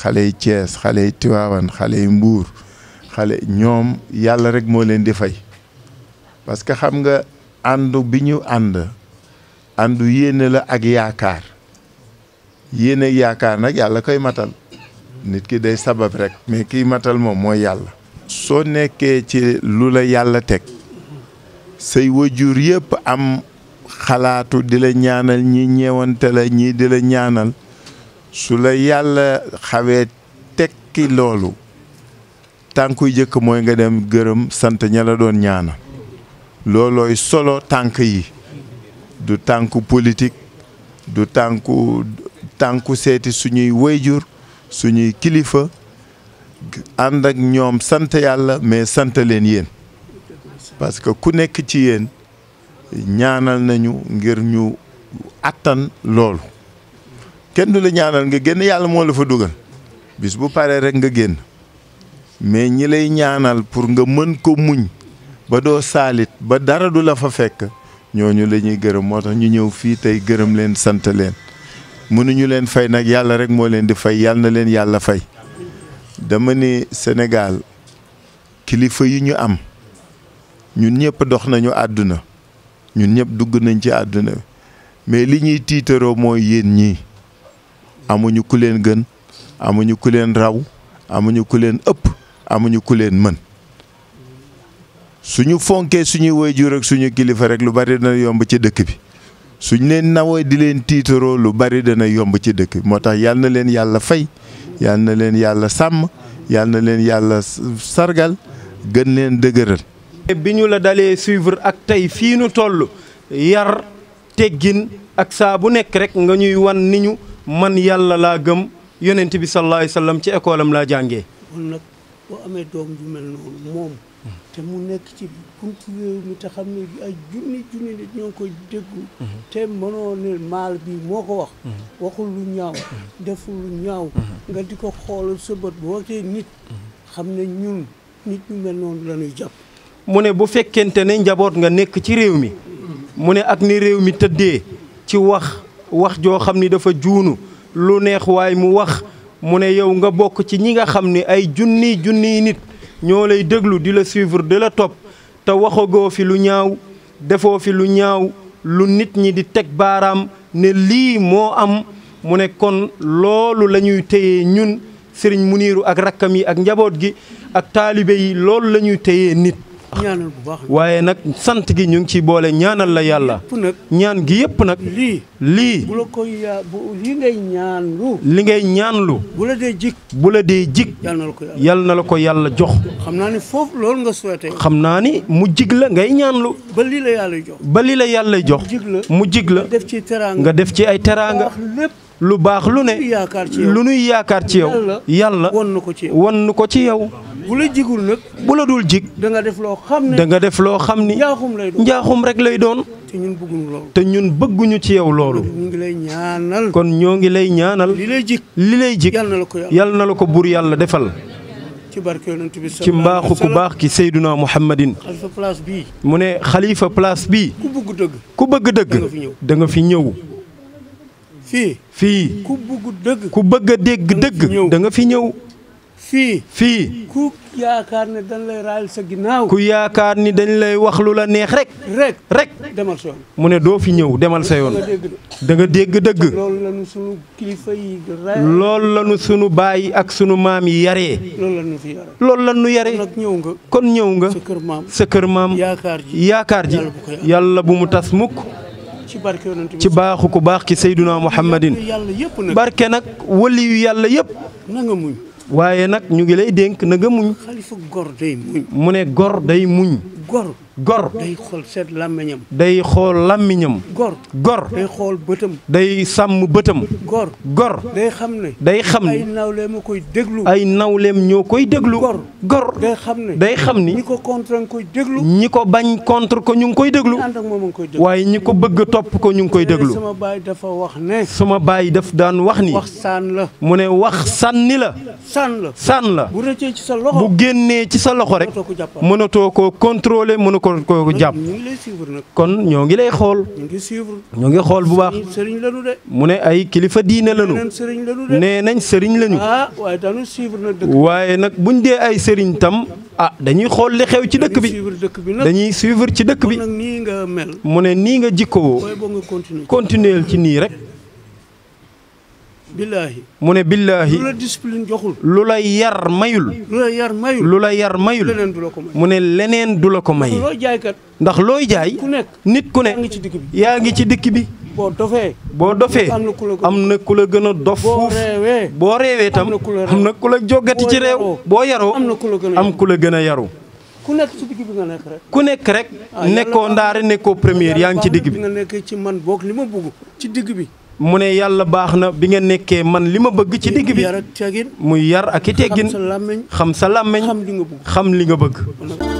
xale yi Thiès xale yi Tivaouane xale yi mbuur xale ñoom yàlla rek moo leen di fay parce que xam nga àndu bi ñu ànd àndu yéene la ak yaakaar yéene yaakaar nag yàlla koy matal nit ki day sabab rek mais kiy matal moom mooy yàlla soo nekkee ci lu la yàlla teg say wajuur yëpp am xalaatu di la ñaanal ñi ñeewante la ñii di la ñaanal su la yàlla xawee tekki loolu tànku jëkk mooy nga dem gërëm sant ña la doon ñaana loolooy solo tànk yi du tànku politique du tànku tànku seeti suñuy wayjur suñuy kilifa ànd ak ñoom sant yàlla mais sant leen yéen parce que ku nekk ci yéen ñaanal nañu ngir ñu attan loolu kenn du la ñaanal nga génn yàlla moo la fa dugal bis bu paree rek nga génn mais ñi lay ñaanal pour nga mën ko muñ ba doo saalit ba dara du la fa fekk ñooñu la ñuy gërëm moo tax ñu ñëw fii tey gërëm leen sant leen mënuñu leen fay nag yàlla rek moo leen di fay yàlla na leen yàlla fay dama ni Sénégal kilifa yi ñu am ñun ñëpp dox nañu àdduna ñun ñëpp dugg nañ ci àdduna mais li ñuy tiitaroo mooy yéen ñii amuñu ku leen gën amuñu ku leen raw amuñu ku leen ëpp amuñu ku leen mën suñu fonkee suñuy waajur ak suñu kilifa rek lu bari dana yomb ci dëkk bi suñ leen nawee di leen tiitaroo lu bari dana yomb ci dëkk bi moo tax yal na leen yàlla fay yal na leen yàlla sàmm yal na leen yàlla sargal gën leen dëgëral. bi ñu la dalee suivre ak tey fii nu toll yar teggin ak saa bu nekk rek nga ñuy wan ni ñu. man yàlla laa gëm yonent bi sallallahu alayhi ci école am laa jànge kon nag boo amee doom ju mel noonu moom. te mu nekk ci buntu réew mi te xam ne junni junni nit ñoo koy déggu mhm. te mënoo maal bi moo ko wax mhm. waxul ñaaw mhm. deful ñaaw nga di ko xoolal sa bët bu waxee nit xam ne ñun nit ñu mel noonu la jàpp mu ne bu fekkente ne njaboot nga nekk ci réew mi mu ne ak ni réew mi tëddee ci wax wax joo xam ni dafa juunu lu neex waay mu wax mu ne yow nga bokk ci ñi nga xam ni ay junniy junniy nit ñoo lay déglu di la suivre di la topp te waxagoo fi lu ñaaw defoo fi lu ñaaw lu nit ñi di teg baaraam ne lii moo am mu ne kon loolu la ñuy téyee ñun sëriñ Muniiru ak rakkam yi ak njaboot gi ak taalibe yi loolu la ñuy téyee nit ñaanal bu baax waaye nag sant gi ñu ngi ciy boole ñaanal la yàlla. ñaan gi yëpp nag. lii lii. bu koy li ngay ñaanlu. li ngay ñaanlu. bu la dee jig. bu la dee jig. na la ko yàlla jox. xam naa ni foofu loolu nga souhaité. xam naa ni mu jig la ngay ñaanlu. ba lii la yàlla jox. mu jig la def ci teraanga nga def ci ay teraanga. lu baax lu ne lu nuy yaakaar ci yow yàlla won nu ko ci yow bu la jigul bu la dul jig da nga def loo xam da nga def loo xam ni njaaxum rek lay doon te ñun bëgguñu te ñun bëgguñu ci yow loolu ñu ngi lay ñaanal kon ñoo ngi lay ñaanal li lay jig li lay jig yàlla na la ko buur yàlla defal ci barke yonent bi ci mbaaxu ku baax ki Seyduna Muhammadin mu ne xalifa place bi ku bëgg dëgg ku bëgg dëgg da fi ñëw fii fii ku bëgg dëgg ku bëgg a dégg dëgg da nga fi ñëw fii fii ku yaakaar ne dañ sa ginnaaw ku yaakaar ni dañ lay wax lu la neex rek rek demal sa yoon mu ne doo fi ñëw demal sa yoon da nga dégg dëgg loolu lañu sunu kilifa yi loolu lañu sunu baay ak sunu maam yi yaree loolu lañu fi yaree loolu ñëw nga kon ñëw nga sa kër maam sa kër maam yaakaar yaakaar ji yàlla bu mu tas mukk ci baaxu ko baax ki sayduna muhammadin barke nag wali yàlla yëpp waaye nag ñu ngi lay dénk na nga muñ mu ne gor day muñ gor gor day xool seet làmmiñam day xool làmmiñam gor gor day xool bëtam day sàmm bëtam gor gor day xam ne day xam ne ay nawleem a koy déglu ay nawleem ñoo koy déglu gor day xam ne day xam ni ñi ko contre nga koy ñi ko bañ kontre ko ñu ngi koy déglu waaye ñi ko bëgg a topp ko ñu ngi koy déglu sama baay dafa wax ne sama baay daf daan wax ni wax sànn la mu ne wax sànni la sànn la sànn bu sa loxo bu génnee ci sa loxo rek mënatoo ko contrôle doole mënu ko ko jàpp kon ñoo ngi lay xool ñoo ngi xool bu baax mu ne ay kilifa diine lañu nee nañ sëriñ lañu ah, waaye nag buñ dee ay sëriñ tam ah dañuy xool li xew ci dëkk bi dañuy suivre ci dëkk bi mu ne nii nga jikkowoo continuer ci nii rek billaahi mu ne billaahi lu la discipline lu la yar mayul. lu la yar mayul lu la yar mayul. leneen ko may mu ne leneen du la ko may. looy ndax looy jaay. ku nekk nit ku ne. yaa ngi ci dikk bi yaa ngi ci dikk bi. boo dofee. boo dofee am na ku la gën a dof. boo reewee boo reewee tam am na ku la jogati ci réew. boo yaroo am ku la gën a yaru. ku nekk nekk rek. ku nekk rek ah, nekkoo ndaare nekkoo première yaa ngi ci digg bi. nga nekk ci man boog li ma bëgg ci digg bi. mu ne yàlla baax na bi nga nekkee man li ma bëgg ci digg bi muy yar ak i teggin xam sa làmmeñ xam li nga bëgg